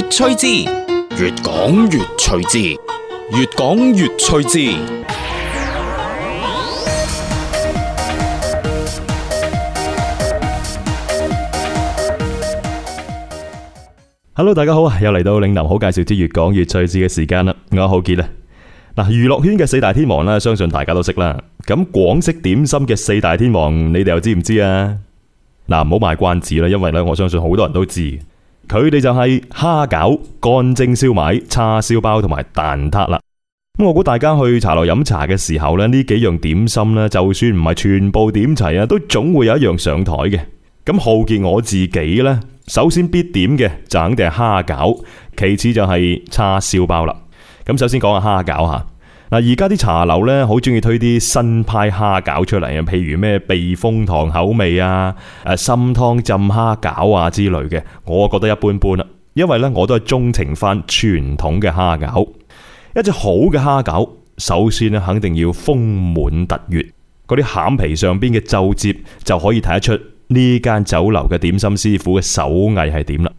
越趣越講越趣致，越講越趣致。Hello，大家好啊！又嚟到嶺南好介紹之越講越趣致嘅時間啦。我浩杰啊，嗱，娛樂圈嘅四大天王啦，相信大家都識啦。咁廣式點心嘅四大天王，你哋又知唔知啊？嗱，唔好賣關子啦，因為咧，我相信好多人都知。佢哋就係蝦餃、乾蒸燒賣、叉燒包同埋蛋撻啦。咁我估大家去茶樓飲茶嘅時候呢，呢幾樣點心呢，就算唔係全部點齊啊，都總會有一樣上台嘅。咁浩傑我自己呢，首先必點嘅就肯定係蝦餃，其次就係叉燒包啦。咁首先講下蝦餃吓。嗱，而家啲茶樓咧，好中意推啲新派蝦餃出嚟啊，譬如咩避風塘口味啊，誒，參湯浸蝦餃啊之類嘅，我覺得一般般啦。因為咧，我都係鍾情翻傳統嘅蝦餃。一隻好嘅蝦餃，首先咧，肯定要豐滿凸圓，嗰啲餡皮上邊嘅皺摺就可以睇得出呢間酒樓嘅點心師傅嘅手藝係點啦。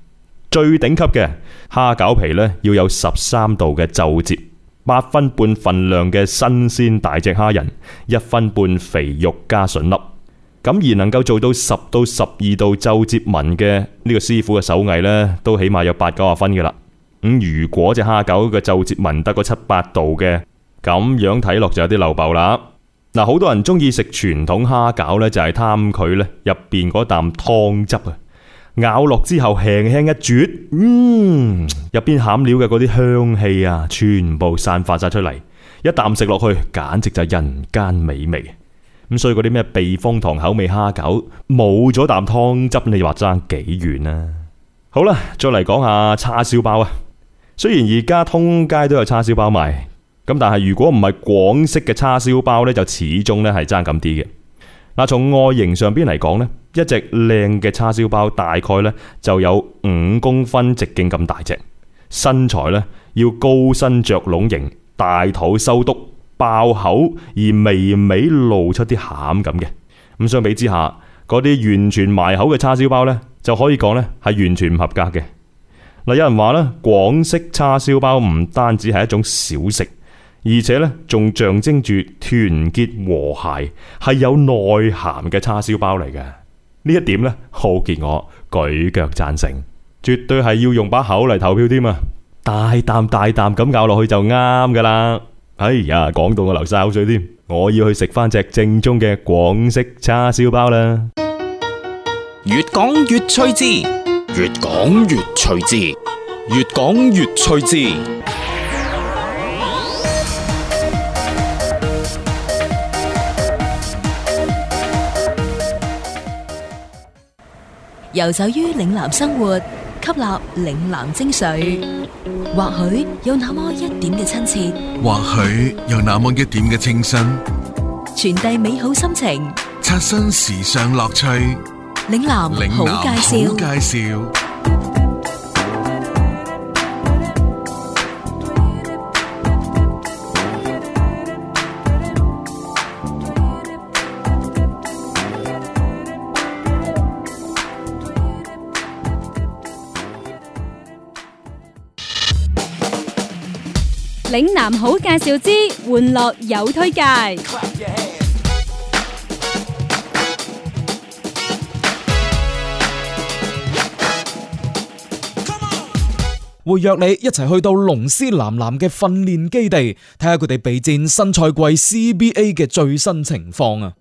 最頂級嘅蝦餃皮咧，要有十三度嘅皺摺。八分半份量嘅新鮮大隻蝦仁，一分半肥肉加笋粒，咁而能夠做到十到十二度皺折紋嘅呢個師傅嘅手藝呢，都起碼有八九十分嘅啦。咁、嗯、如果蝦隻蝦餃嘅皺折紋得嗰七八度嘅，咁樣睇落就有啲漏爆啦。嗱，好多人中意食傳統蝦餃呢，就係貪佢咧入邊嗰啖湯汁啊。咬落之後輕輕一啜，嗯，入邊餡料嘅嗰啲香氣啊，全部散發晒出嚟，一啖食落去簡直就係人間美味。咁所以嗰啲咩避風塘口味蝦餃冇咗啖湯汁，你話爭幾遠啊？好啦，再嚟講下叉燒包啊。雖然而家通街都有叉燒包賣，咁但係如果唔係廣式嘅叉燒包呢，就始終呢係爭咁啲嘅。嗱，從外形上邊嚟講呢，一隻靚嘅叉燒包大概呢就有五公分直徑咁大隻，身材呢要高身着、籠形、大肚收督，爆口而微微露出啲餡咁嘅。咁相比之下，嗰啲完全埋口嘅叉燒包呢就可以講咧係完全唔合格嘅。嗱，有人話呢廣式叉燒包唔單止係一種小食。而且咧，仲象徵住團結和諧，係有內涵嘅叉燒包嚟嘅。呢一點咧，浩杰我舉腳贊成，絕對係要用把口嚟投票添啊！大啖大啖咁咬落去就啱噶啦。哎呀，講到我流晒口水添，我要去食翻隻正宗嘅廣式叉燒包啦！越講越趣智，越講越趣智，越講越趣智。遊走於嶺南生活，吸納嶺南精髓，或許有那麼一點嘅親切，或許有那麼一點嘅清新，傳遞美好心情，刷新時尚樂趣。嶺南好介紹。嶺南好介紹之，玩樂有推介，會約你一齊去到龍獅男籃嘅訓練基地，睇下佢哋備戰新賽季 CBA 嘅最新情況啊！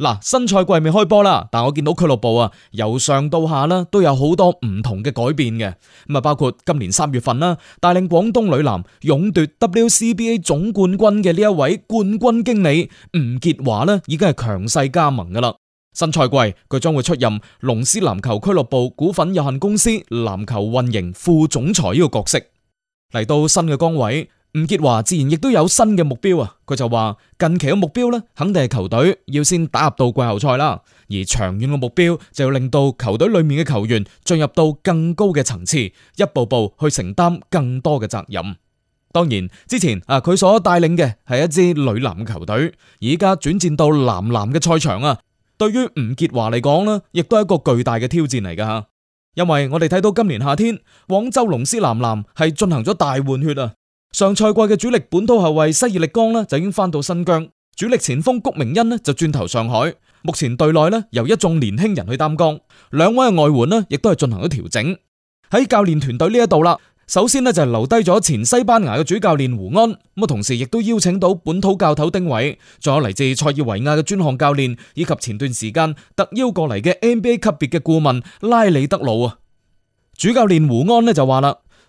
嗱，新賽季未開波啦，但我見到俱樂部啊，由上到下啦，都有好多唔同嘅改變嘅咁啊，包括今年三月份啦，啊，帶領廣東女籃勇奪 WCBA 總冠軍嘅呢一位冠軍經理吳杰樺呢，已經係強勢加盟噶啦。新賽季佢將會出任龍獅籃球俱樂部股份有限公司籃球運營副總裁呢個角色。嚟到新嘅崗位。吳杰樺自然亦都有新嘅目標啊！佢就話近期嘅目標咧，肯定係球隊要先打入到季後賽啦。而長遠嘅目標就要令到球隊裏面嘅球員進入到更高嘅層次，一步步去承擔更多嘅責任。當然，之前啊，佢所帶領嘅係一支女籃球隊，而家轉戰到男籃嘅賽場啊，對於吳杰樺嚟講呢亦都係一個巨大嘅挑戰嚟噶吓。因為我哋睇到今年夏天廣州龍獅男籃係進行咗大換血啊！上賽季嘅主力本土後衛西熱力江呢，就已經返到新疆，主力前鋒谷明恩呢，就轉投上海。目前隊內呢，由一眾年輕人去擔綱，兩位外援呢，亦都係進行咗調整。喺教練團隊呢一度啦，首先呢，就係留低咗前西班牙嘅主教練胡安，咁啊同時亦都邀請到本土教頭丁偉，仲有嚟自塞爾維亞嘅專項教練，以及前段時間特邀過嚟嘅 NBA 級別嘅顧問拉里德魯啊。主教練胡安呢，就話啦。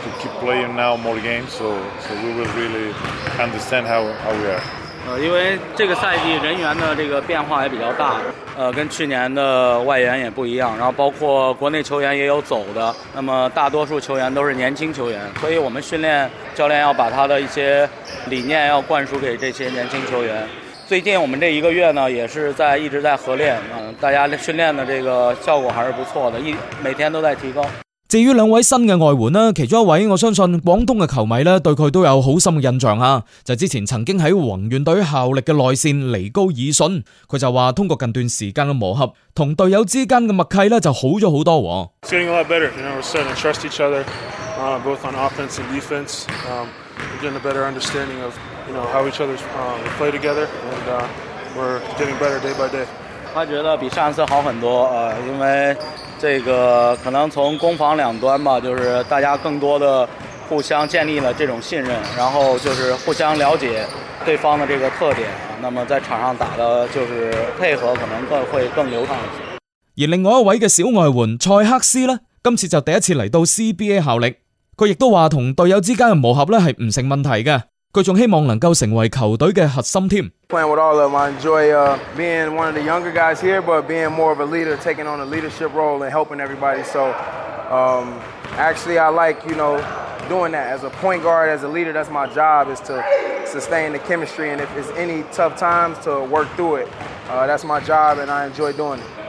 To keep playing now more games, so so we will really understand how how we are. 呃，因為這個賽季人員的這個變化也比較大，呃，跟去年的外援也不一樣，然後包括國內球員也有走的，那麼大多數球員都是年輕球員，所以我們訓練教練要把他的一些理念要灌輸給這些年輕球員。最近我們這一個月呢，也是在一直在合練，嗯、呃，大家訓練的這個效果還是不錯的，一，每天都在提高。至於兩位新嘅外援咧，其中一位我相信廣東嘅球迷咧對佢都有好深嘅印象吓，就之前曾經喺宏遠隊效力嘅內線尼高爾遜，佢就話通過近段時間嘅磨合，同隊友之間嘅默契咧就好咗好多。他覺得比上一次好很多這個可能從攻防兩端吧，就是大家更多的互相建立了這種信任，然後就是互相了解對方的這個特點，那麼在場上打的就是配合可能更會更流暢一些。而另外一位嘅小外援蔡克斯呢，今次就第一次嚟到 CBA 效力，佢亦都話同隊友之間嘅磨合呢係唔成問題嘅。佢仲希望能夠成為球隊嘅核心添。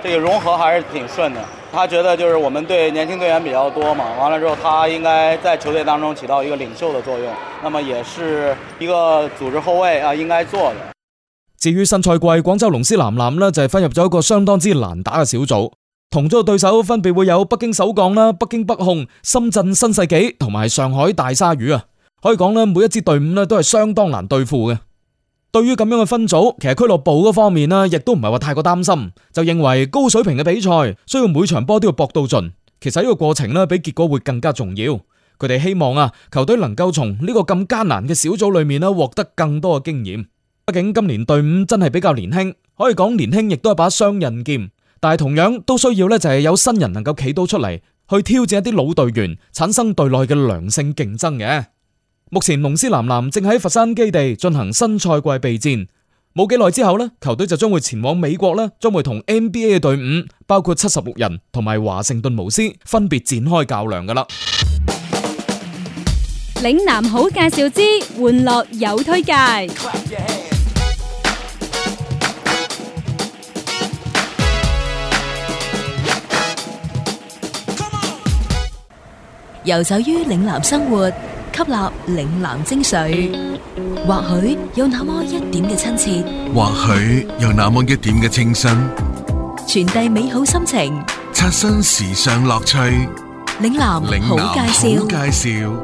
這個融合還是挺順的。他覺得就是我們對年輕隊員比較多嘛，完了之後他應該在球隊當中起到一個領袖的作用，那麼也是一個組織後衛啊應該做的。至於新賽季廣州龍獅男籃呢，就係分入咗一個相當之難打嘅小組，同組嘅對手分別會有北京首鋼啦、北京北控、深圳新世紀同埋上海大鯊魚啊，可以講呢，每一支隊伍呢，都係相當難對付嘅。對於咁樣嘅分組，其實俱樂部嗰方面呢，亦都唔係話太過擔心，就認為高水平嘅比賽需要每場波都要搏到盡。其實呢個過程呢，比結果會更加重要。佢哋希望啊，球隊能夠從呢個咁艱難嘅小組裏面呢，獲得更多嘅經驗。畢竟今年隊伍真係比較年輕，可以講年輕亦都係把雙刃劍，但係同樣都需要呢，就係有新人能夠企到出嚟，去挑戰一啲老隊員，產生隊內嘅良性競爭嘅。目前，龍獅男籃正喺佛山基地進行新賽季備戰。冇幾耐之後咧，球隊就將會前往美國咧，將會同 NBA 嘅隊伍，包括七十六人同埋華盛頓巫師，分別展開較量噶啦。嶺南好介紹之，玩樂有推介。遊走於嶺南生活。吸納嶺南精髓，或許有那麼一點嘅親切，或許有那麼一點嘅清新，傳遞美好心情，刷新時尚樂趣。嶺南好介紹。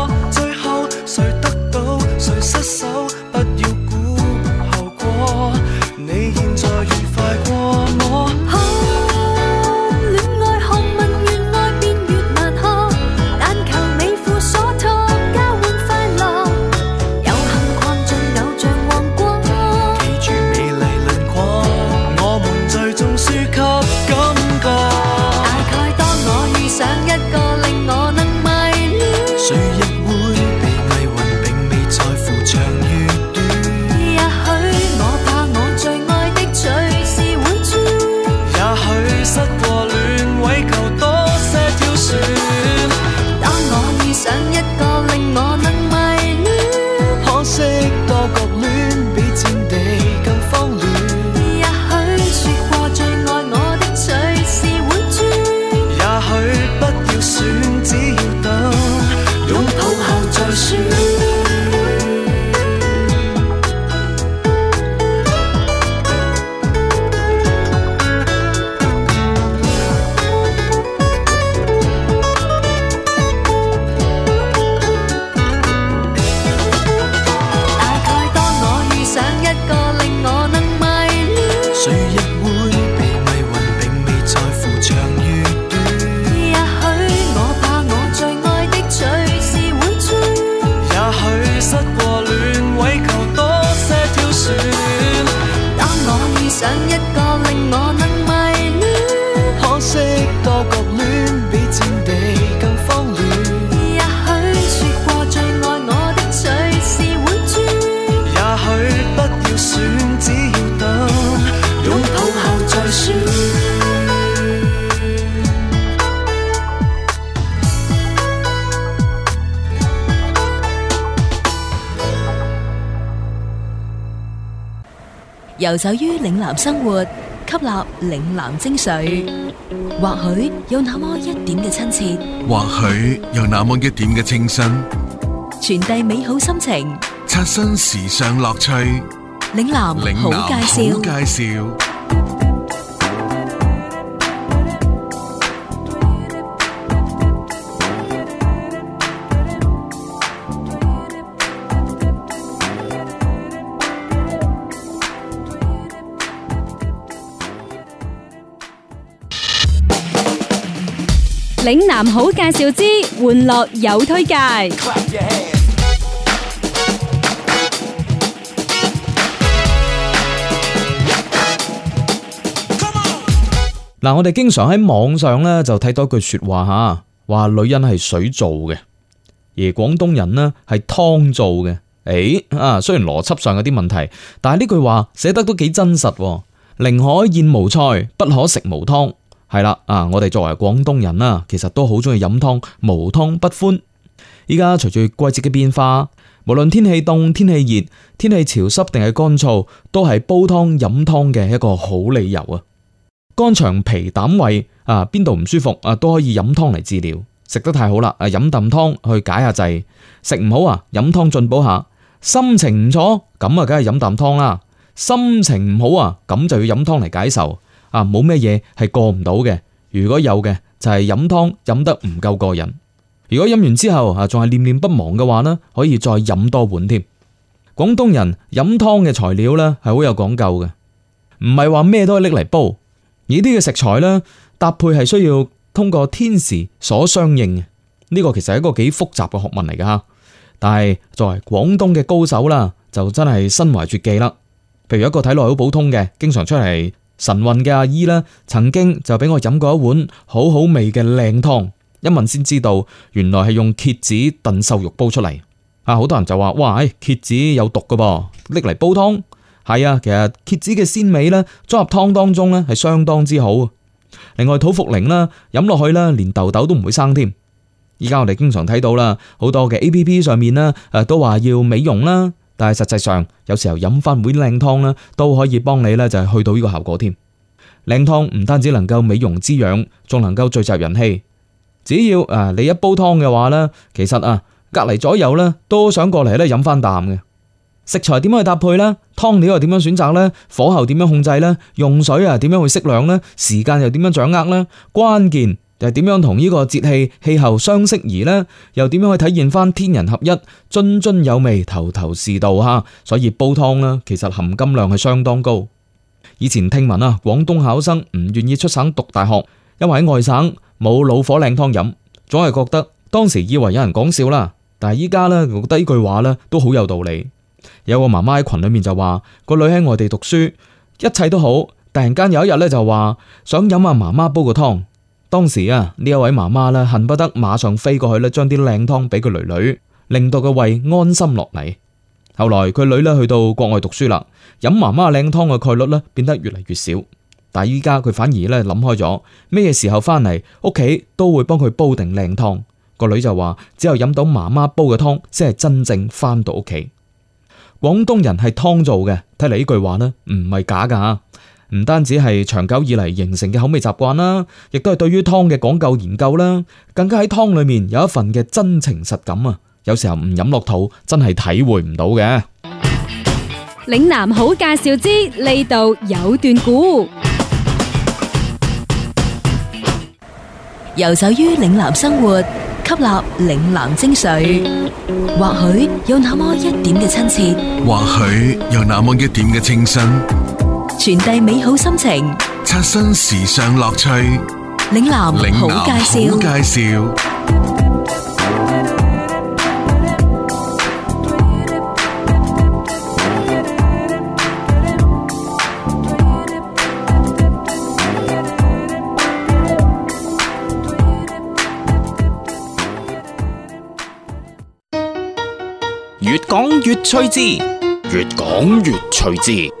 游走於嶺南生活，吸納嶺南精髓，或許有那麼一點嘅親切，或許有那麼一點嘅清新，傳遞美好心情，刷新時尚樂趣。嶺南好介紹。嶺南好介紹之，玩樂有推介。嗱，我哋經常喺網上呢就睇到一句說話吓，話女人係水做嘅，而廣東人呢係湯做嘅。誒啊，雖然邏輯上有啲問題，但係呢句話寫得都幾真實。寧可宴無菜，不可食無湯。係啦，啊！我哋作為廣東人啦，啊，其實都好中意飲湯，無湯不歡。依家隨住季節嘅變化，無論天氣凍、天氣熱、天氣潮濕定係乾燥，都係煲湯飲湯嘅一個好理由皮膽啊！肝腸脾膽胃啊，邊度唔舒服啊，都可以飲湯嚟治療。食得太好啦，啊，飲啖湯去解下滯；食唔好啊，飲湯進補下。心情唔錯，咁啊，梗係飲啖湯啦。心情唔好啊，咁就要飲湯嚟解愁。啊，冇咩嘢係過唔到嘅。如果有嘅，就係飲湯飲得唔夠過癮。如果飲完之後啊，仲係念念不忘嘅話呢，可以再飲多碗添。廣東人飲湯嘅材料呢，係好有講究嘅，唔係話咩都係拎嚟煲。而呢啲嘅食材呢，搭配係需要通過天時所相應嘅。呢、這個其實係一個幾複雜嘅學問嚟㗎吓。但係作為廣東嘅高手啦，就真係身懷絕技啦。譬如一個睇落好普通嘅，經常出嚟。晨運嘅阿姨咧，曾經就俾我飲過一碗好好味嘅靚湯，一問先知道，原來係用蠍子燉瘦肉煲出嚟。啊，好多人就話：哇，誒，蠍子有毒㗎噃，拎嚟煲湯。係啊，其實蠍子嘅鮮味咧，裝入湯當中咧，係相當之好。另外，土茯苓啦，飲落去啦，連痘痘都唔會生添。依家我哋經常睇到啦，好多嘅 A P P 上面咧，誒都話要美容啦。但係實際上，有時候飲翻碗靚湯咧，都可以幫你咧，就係去到呢個效果添。靚湯唔單止能夠美容滋養，仲能夠聚集人氣。只要啊，你一煲湯嘅話咧，其實啊，隔籬左右咧都想過嚟咧飲翻啖嘅。食材點樣去搭配呢？湯料又點樣選擇呢？火候點樣控制呢？用水啊點樣去適量呢？時間又點樣掌握呢？關鍵。就點樣同呢個節氣氣候相適宜呢？又點樣去體現翻天人合一，津津有味，頭頭是道吓？所以煲湯呢，其實含金量係相當高。以前聽聞啊，廣東考生唔願意出省讀大學，因為喺外省冇老火靚湯飲，總係覺得當時以為有人講笑啦。但係依家呢，覺得呢句話呢都好有道理。有個媽媽喺群裏面就話個女喺外地讀書，一切都好，突然間有一日呢，就話想飲下媽媽煲個湯。當時啊，呢一位媽媽咧，恨不得馬上飛過去咧，將啲靚湯俾佢女女，令到個胃安心落嚟。後來佢女咧去到國外讀書啦，飲媽媽靚湯嘅概率咧變得越嚟越少。但係依家佢反而咧諗開咗，咩嘢時候翻嚟屋企都會幫佢煲定靚湯。個女就話，只有飲到媽媽煲嘅湯，先係真正翻到屋企。廣東人係湯做嘅，睇嚟呢句話咧唔係假噶。唔單止係長久以嚟形成嘅口味習慣啦，亦都係對於湯嘅講究研究啦，更加喺湯裏面有一份嘅真情實感啊！有時候唔飲落肚，真係體會唔到嘅。嶺南好介紹之，呢度有段古，遊走於嶺南生活，吸納嶺南精髓，或許有那麼一點嘅親切，或許有那麼一點嘅清新。傳遞美好心情，刷新時尚樂趣。嶺南好介紹，越講越趣致，越講越趣致。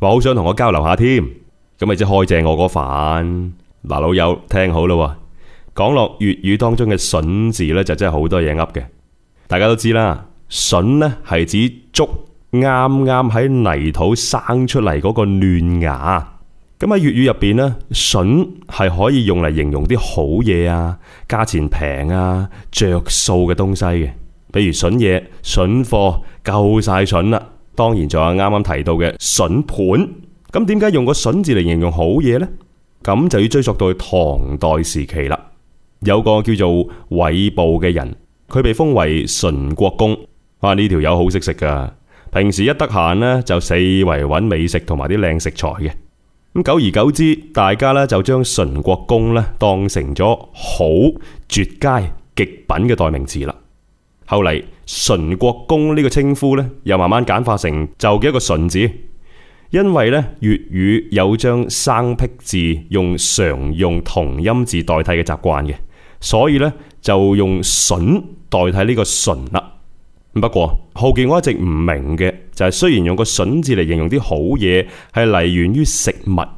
話好想同我交流下添，咁咪即係開正我嗰飯。嗱，老友聽好啦，講落粵語當中嘅筍字咧，就真係好多嘢噏嘅。大家都知啦，筍咧係指竹啱啱喺泥土生出嚟嗰個嫩芽。咁喺粵語入邊咧，筍係可以用嚟形容啲好嘢啊，價錢平啊，着數嘅東西嘅。比如筍嘢、筍貨，夠晒筍啦。當然仲有啱啱提到嘅筍盤，咁點解用個筍字嚟形容好嘢咧？咁就要追溯到唐代時期啦。有個叫做韋布嘅人，佢被封為郇國公，啊呢條友好識食噶，平時一得閒咧就四圍揾美食同埋啲靚食材嘅。咁久而久之，大家咧就將郇國公咧當成咗好絕佳極品嘅代名詞啦。後嚟。純國公呢個稱呼呢，又慢慢簡化成就嘅一個純字，因為呢，粵語有將生僻字用常用同音字代替嘅習慣嘅，所以呢，就用筍代替呢個純啦。不過好奇我一直唔明嘅就係、是，雖然用個筍字嚟形容啲好嘢係嚟源於食物咁，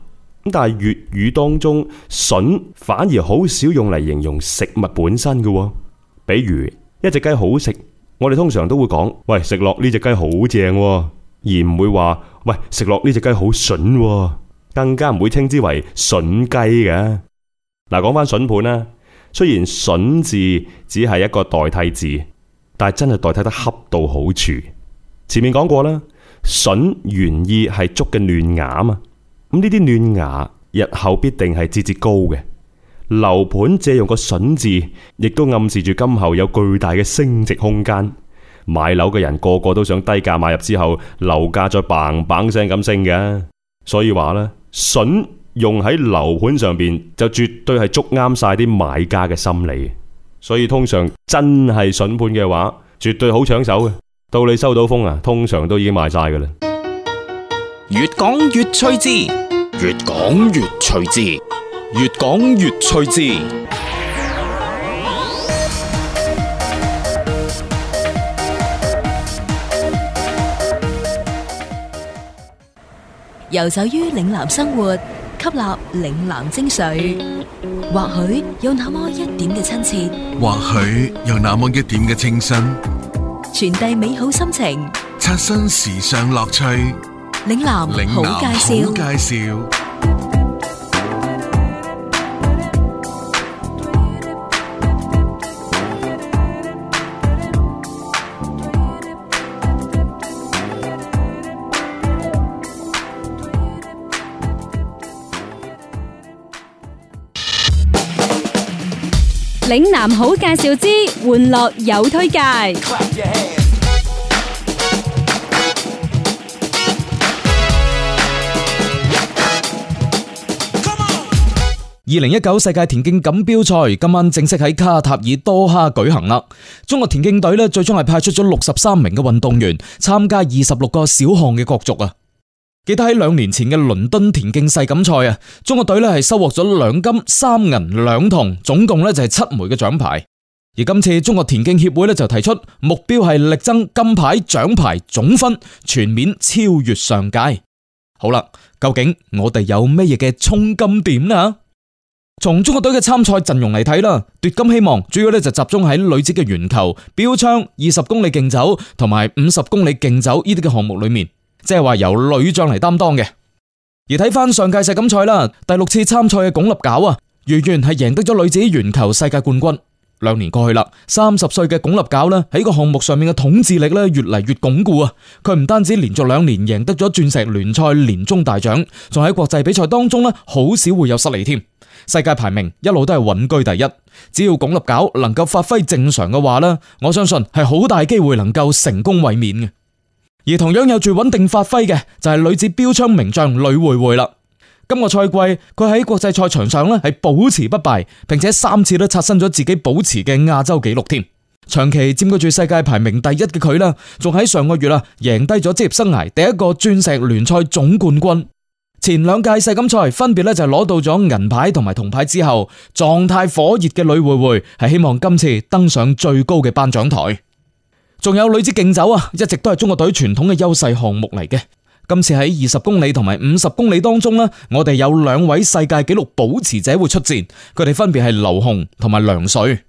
但係粵語當中筍反而好少用嚟形容食物本身嘅，比如一隻雞好食。我哋通常都會講，喂食落呢隻雞好正喎，而唔會話，喂食落呢隻雞好笋喎，更加唔會稱之為笋雞㗎。嗱，講翻笋盤啦，雖然笋字只係一個代替字，但係真係代替得恰到好處。前面講過啦，笋原意係竹嘅嫩芽嘛，咁呢啲嫩芽日後必定係節節高嘅。樓盤借用個笋字，亦都暗示住今後有巨大嘅升值空間。買樓嘅人個個都想低價買入之後，樓價再嘭嘭聲咁升嘅。所以話啦，笋用喺樓盤上邊就絕對係捉啱晒啲買家嘅心理。所以通常真係笋盤嘅話，絕對好搶手嘅。到你收到風啊，通常都已經賣晒㗎啦。越講越趣字，越講越趣字。越講越趣致，遊走於嶺南生活，吸納嶺南精髓，或許有那麼一點嘅親切，或許有那麼一點嘅清新，傳遞美好心情，刷新時尚樂趣。嶺南好介紹。嶺南好介紹之，玩樂有推介。二零一九世界田徑錦標賽今晚正式喺卡塔爾多哈舉行啦！中國田徑隊咧最終係派出咗六十三名嘅運動員參加二十六個小項嘅角逐啊！記得喺兩年前嘅倫敦田徑世錦賽啊，中國隊咧係收穫咗兩金三銀兩銅，總共咧就係七枚嘅獎牌。而今次中國田徑協會咧就提出目標係力爭金牌獎牌總分全面超越上屆。好啦，究竟我哋有咩嘢嘅衝金點咧？從中國隊嘅參賽陣容嚟睇啦，奪金希望主要咧就集中喺女子嘅鉛球、標槍、二十公里競走同埋五十公里競走呢啲嘅項目裏面。即係話由女將嚟擔當嘅，而睇翻上屆世錦賽啦，第六次參賽嘅鞏立姣啊，完完全係贏得咗女子鉛球世界冠軍。兩年過去啦，三十歲嘅鞏立姣呢，喺個項目上面嘅統治力呢越嚟越鞏固啊！佢唔單止連續兩年贏得咗鑽石聯賽年終大獎，仲喺國際比賽當中呢，好少會有失利添。世界排名一路都係穩居第一。只要鞏立姣能夠發揮正常嘅話呢，我相信係好大機會能夠成功衛冕嘅。而同樣有住穩定發揮嘅就係女子標槍名將呂會會啦。今個賽季佢喺國際賽場上咧係保持不敗，並且三次都刷新咗自己保持嘅亞洲紀錄添。長期佔據住世界排名第一嘅佢啦，仲喺上個月啦贏低咗職業生涯第一個鑽石聯賽總冠軍。前兩屆世錦賽分別咧就攞到咗銀牌同埋銅牌之後，狀態火熱嘅呂會會係希望今次登上最高嘅頒獎台。仲有女子競走啊，一直都係中國隊傳統嘅優勢項目嚟嘅。今次喺二十公里同埋五十公里當中呢，我哋有兩位世界紀錄保持者會出戰，佢哋分別係劉虹同埋梁瑞。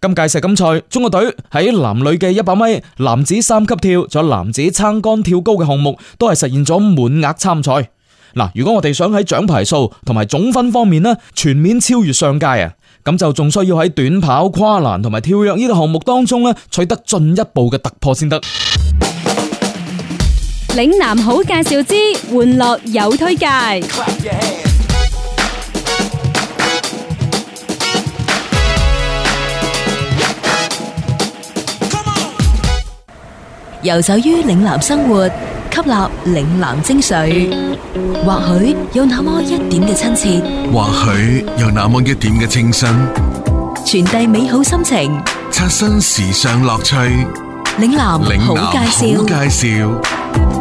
今屆世錦賽，中國隊喺男女嘅一百米、男子三級跳、仲有男子撐杆跳高嘅項目，都係實現咗滿額參賽。嗱，如果我哋想喺獎牌數同埋總分方面呢，全面超越上屆啊，咁就仲需要喺短跑、跨欄同埋跳躍呢個項目當中呢，取得進一步嘅突破先得。嶺南好介紹之，玩樂有推介。游走於嶺南生活。吸納嶺南精髓，或許有那麼一點嘅親切，或許有那麼一點嘅清新，傳遞美好心情，刷新時尚樂趣。嶺南好介紹，嶺南好介紹。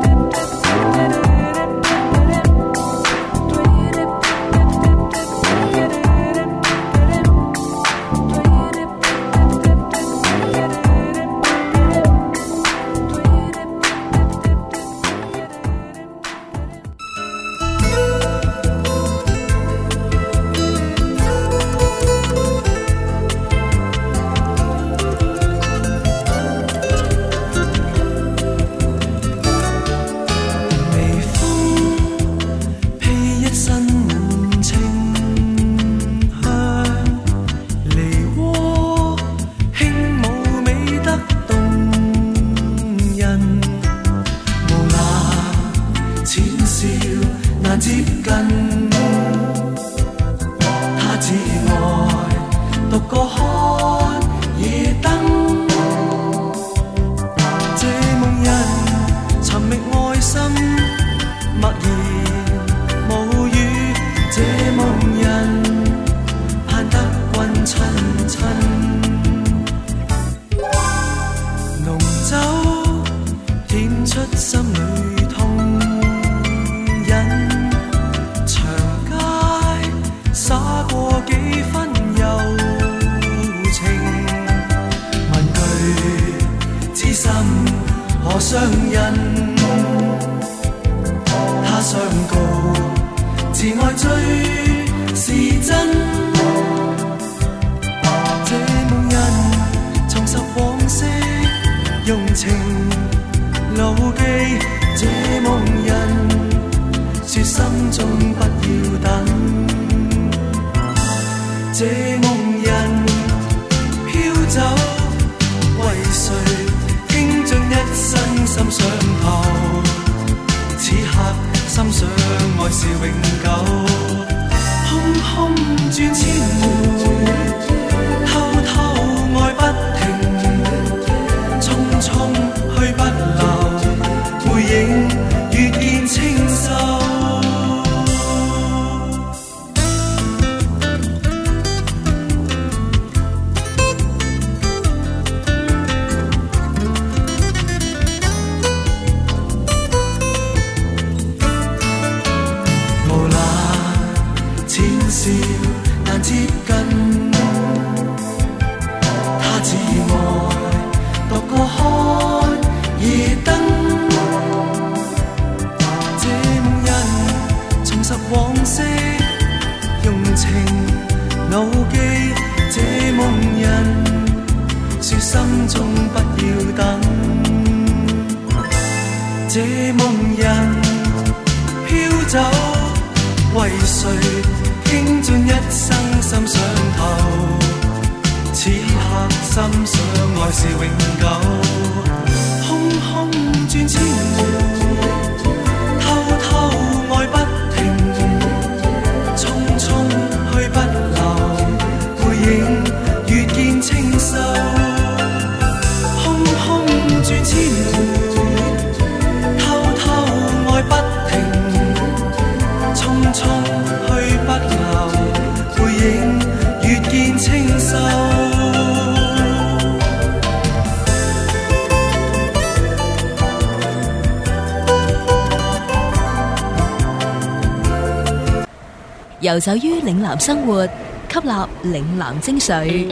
遊走於嶺南生活，吸納嶺南精髓，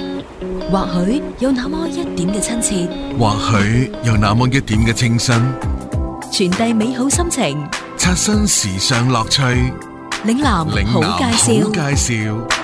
或許有那麼一點嘅親切，或許有那麼一點嘅清新，傳遞美好心情，刷新時尚樂趣。嶺南好介紹。